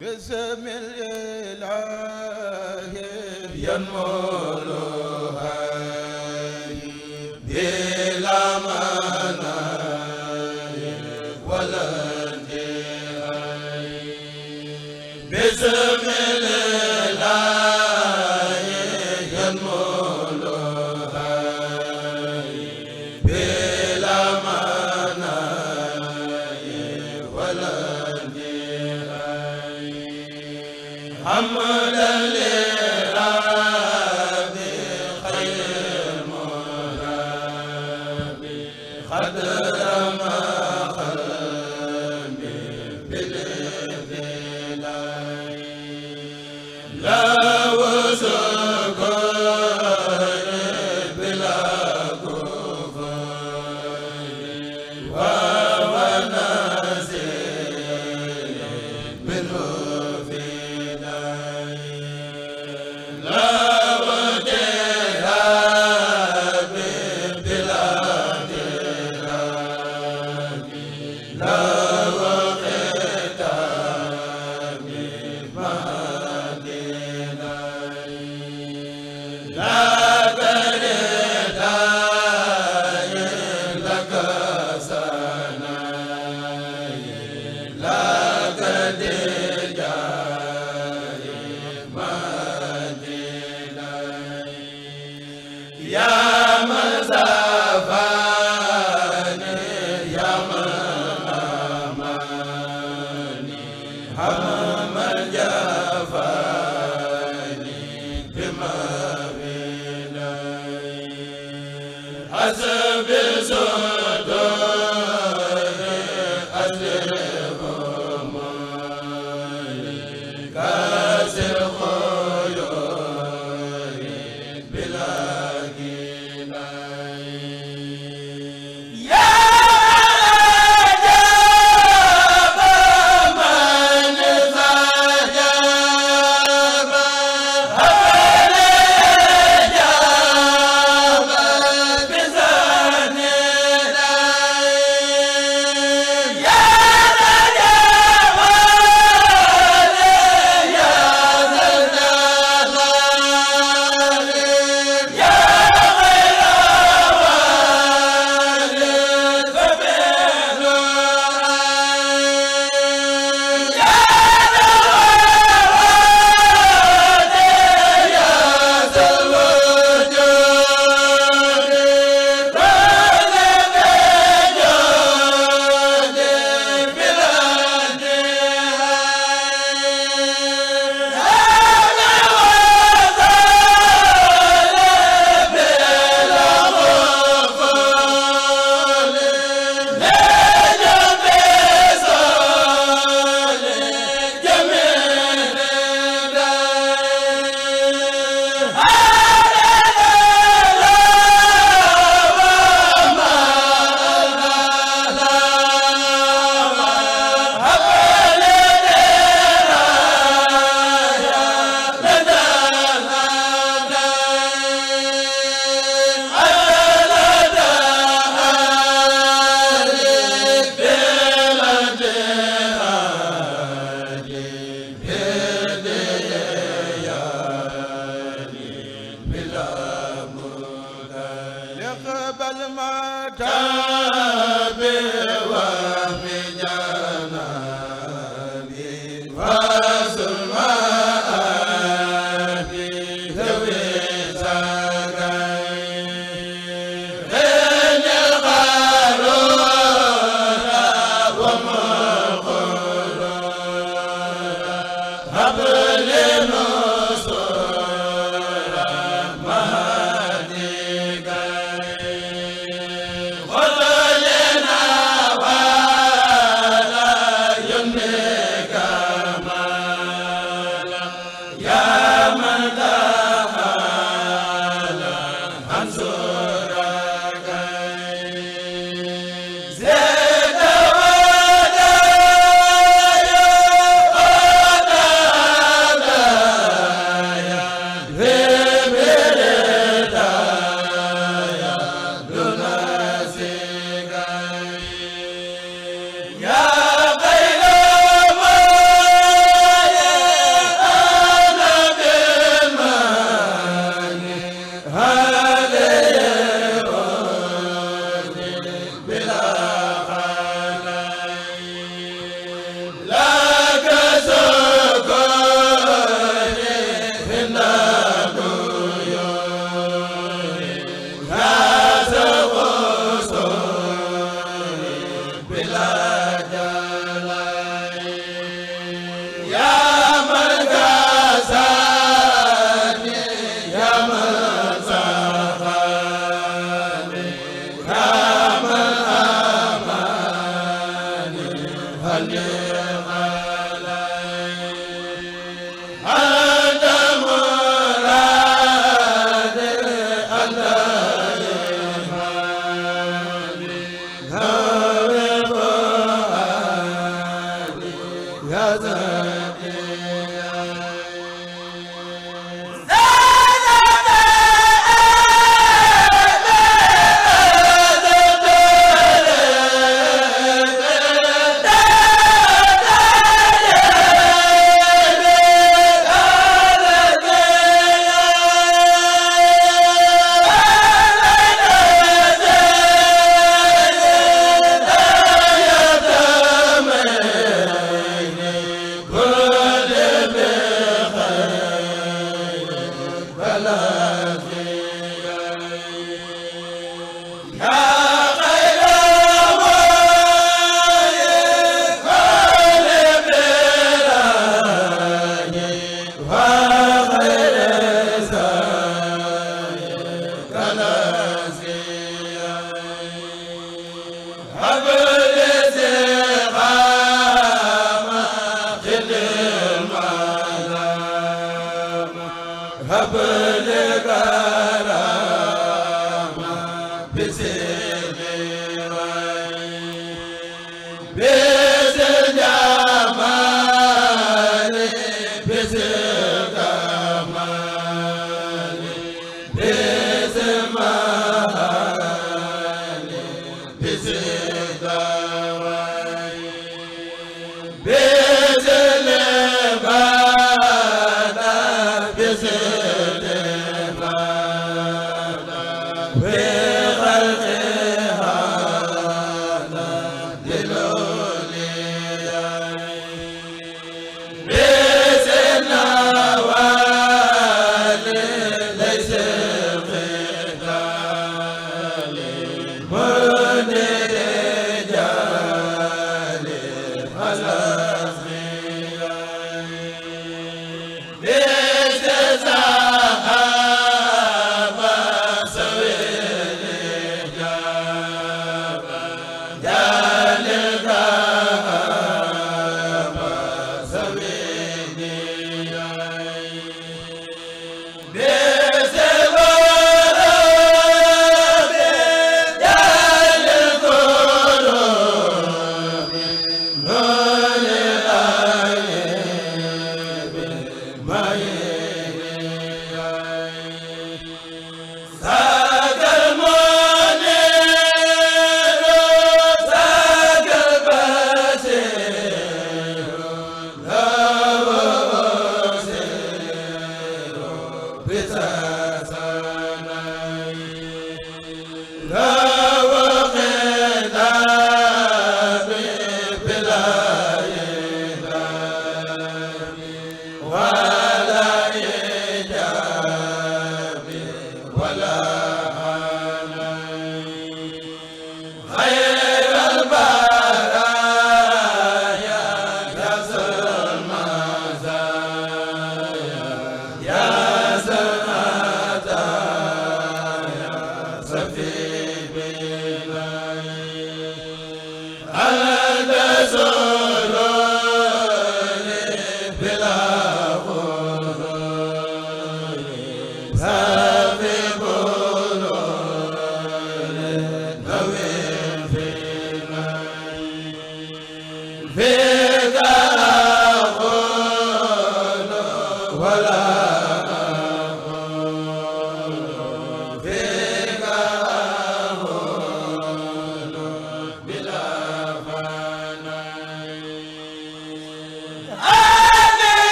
بسم الإله ينمو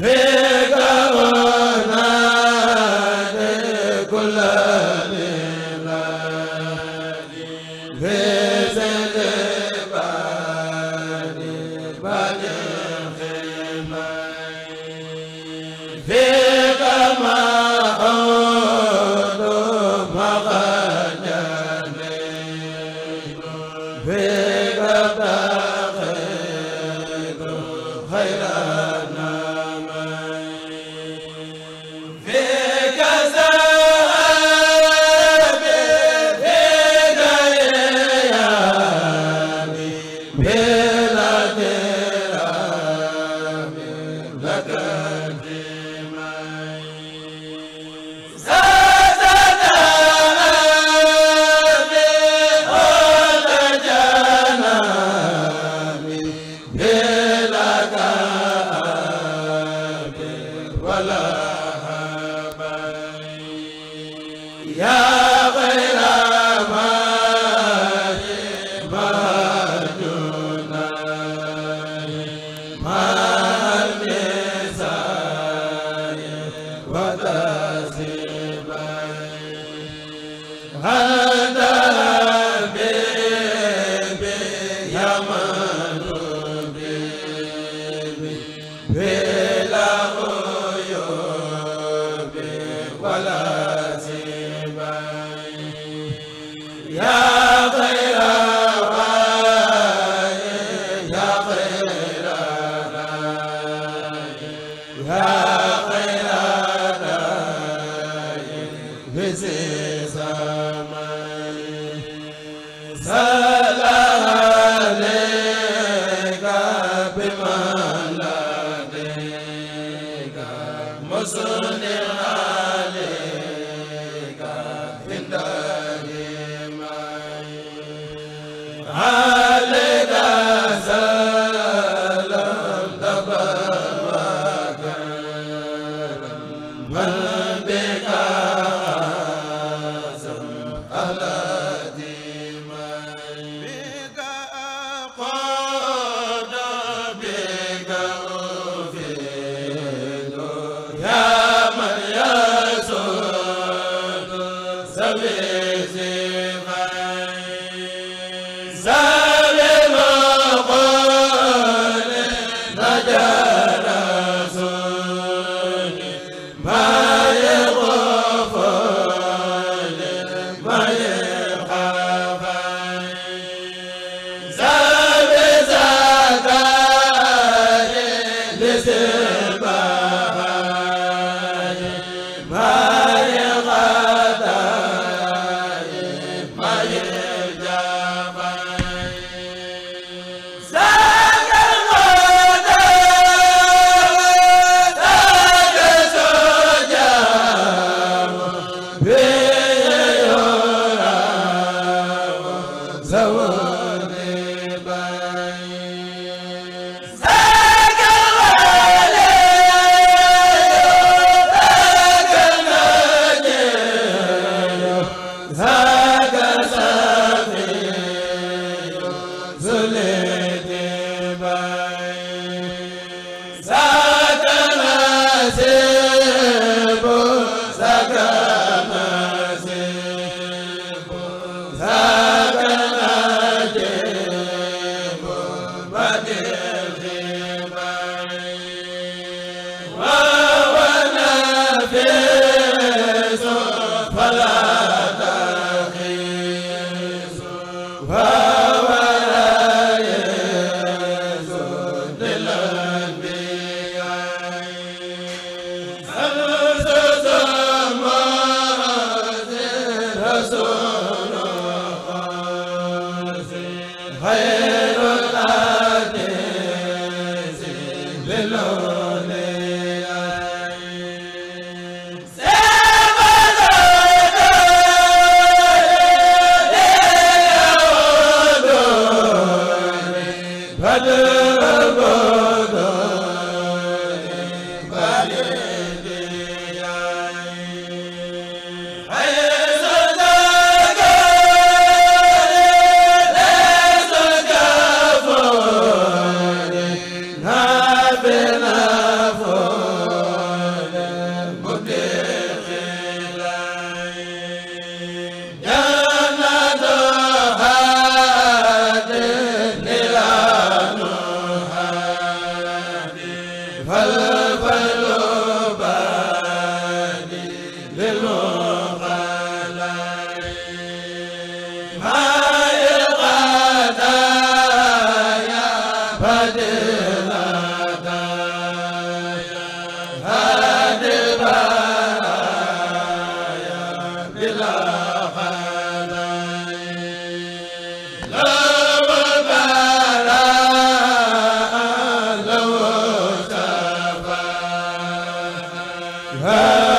Hey haa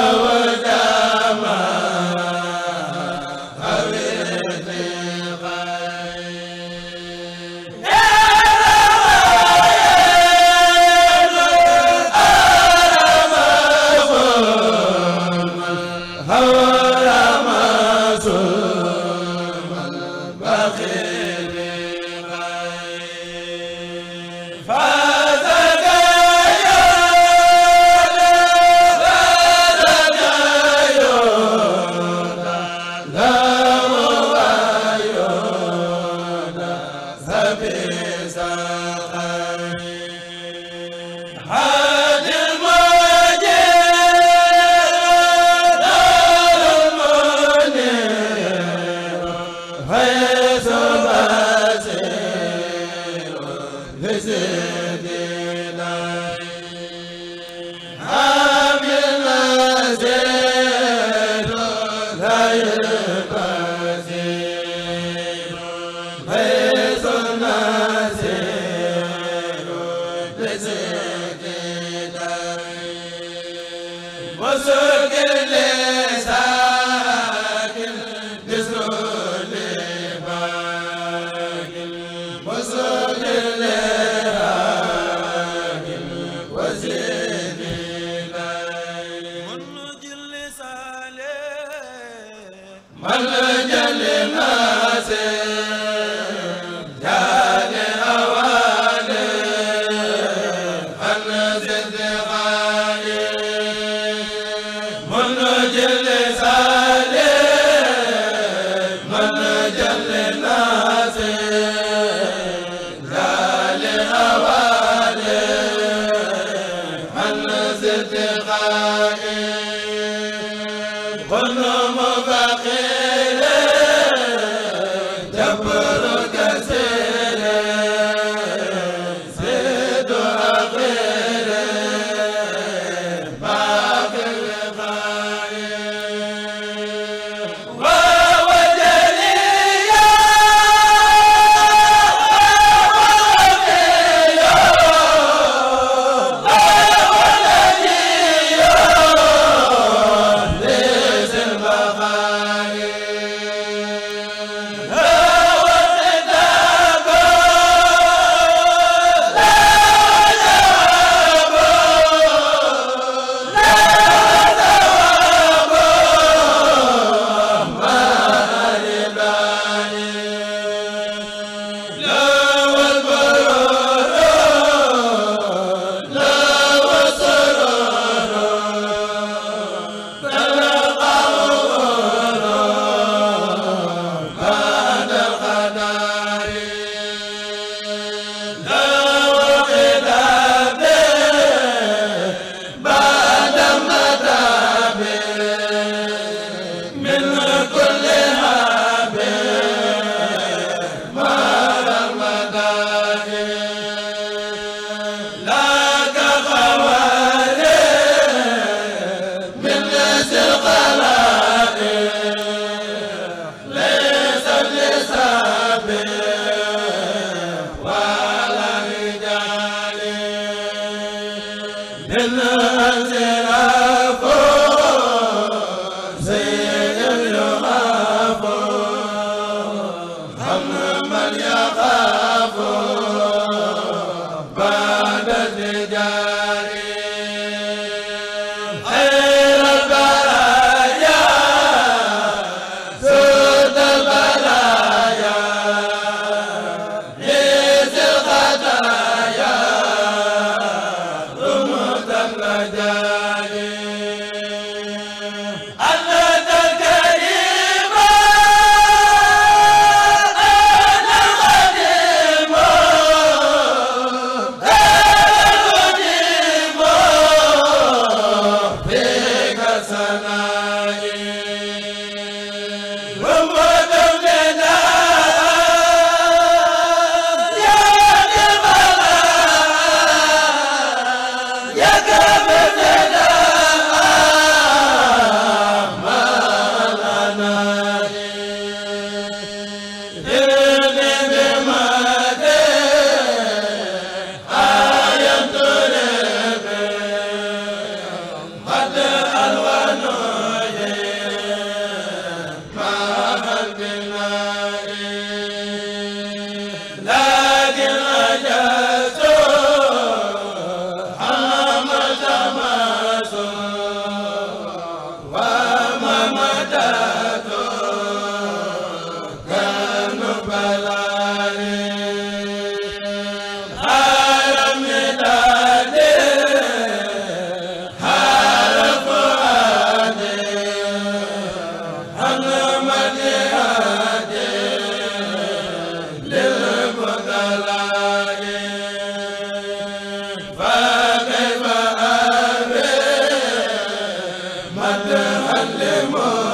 الحل ما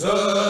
so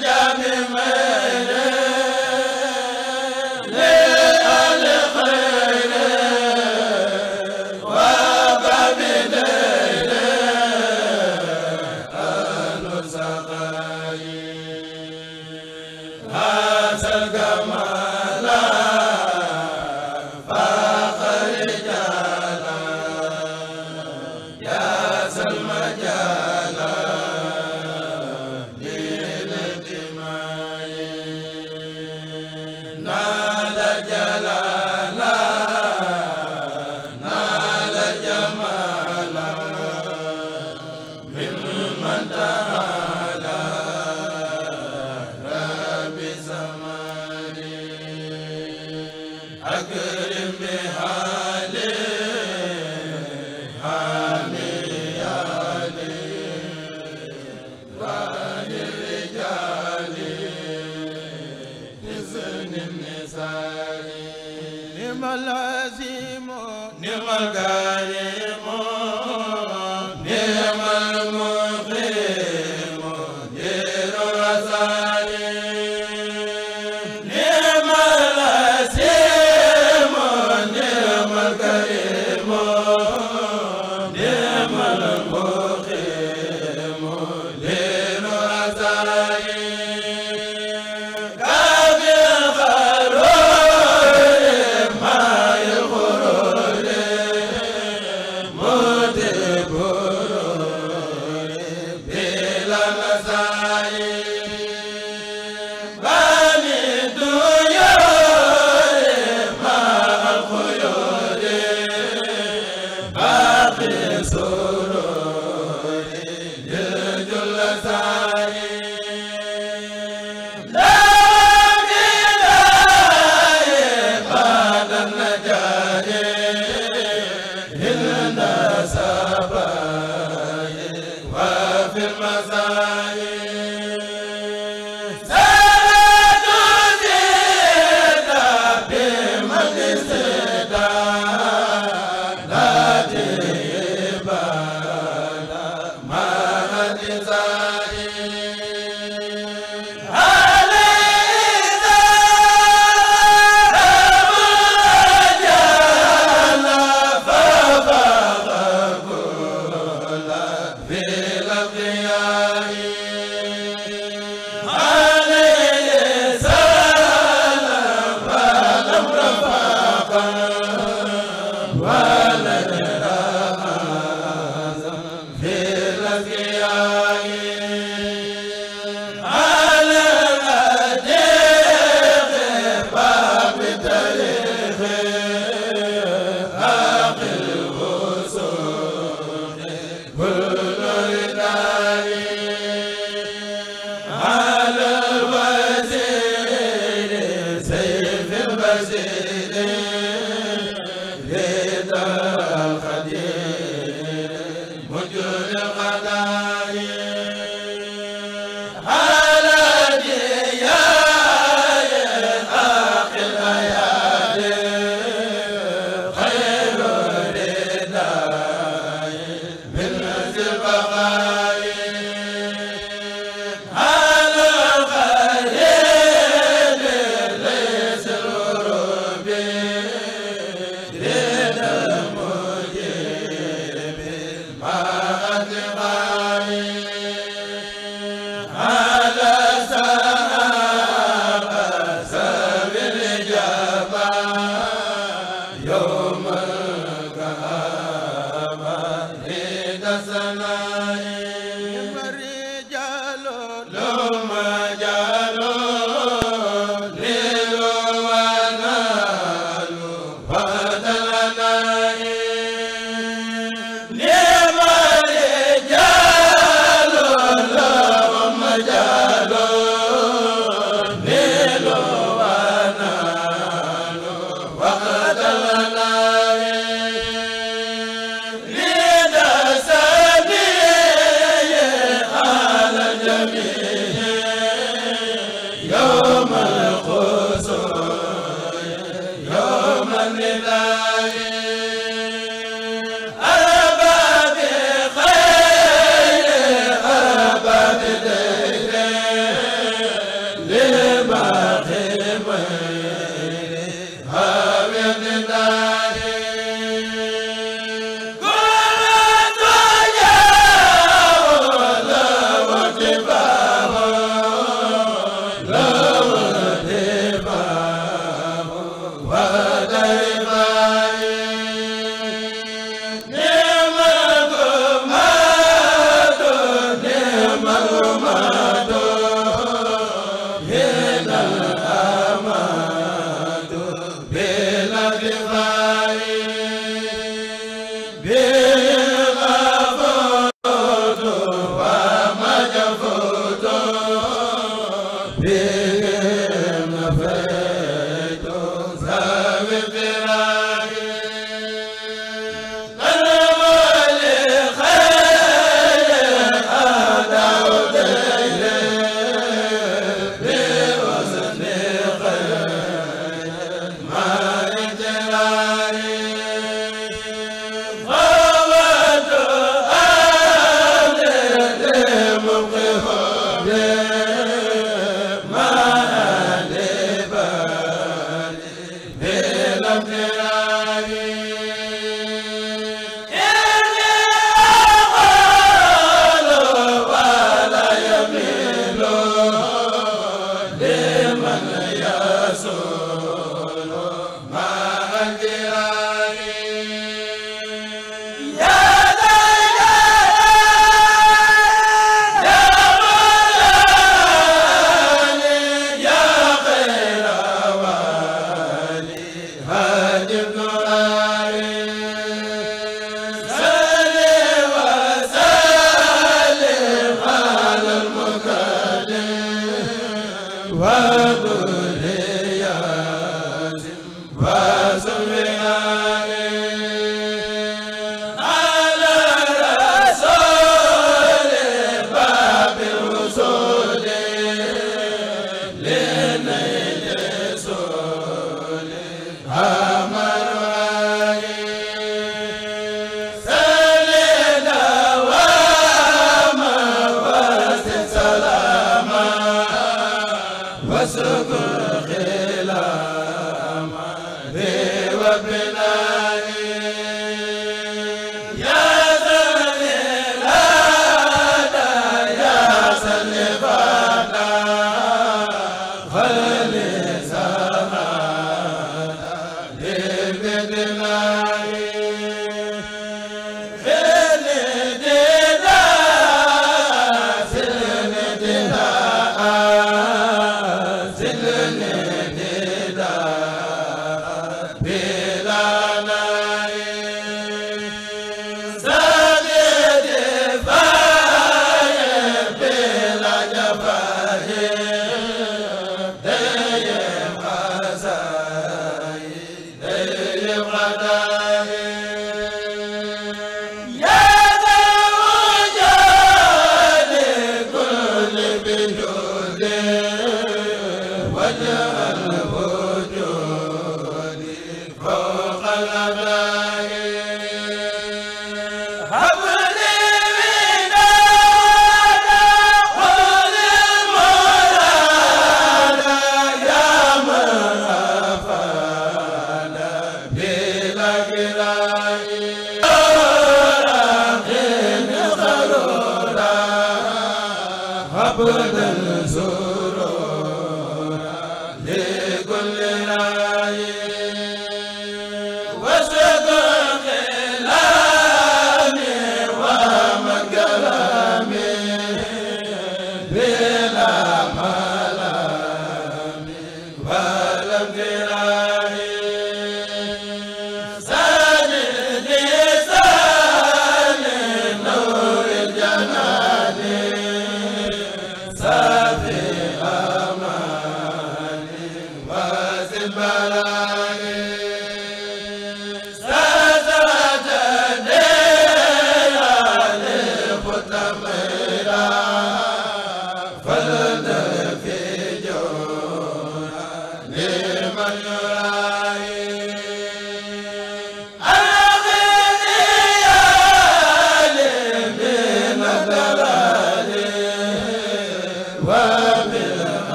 jami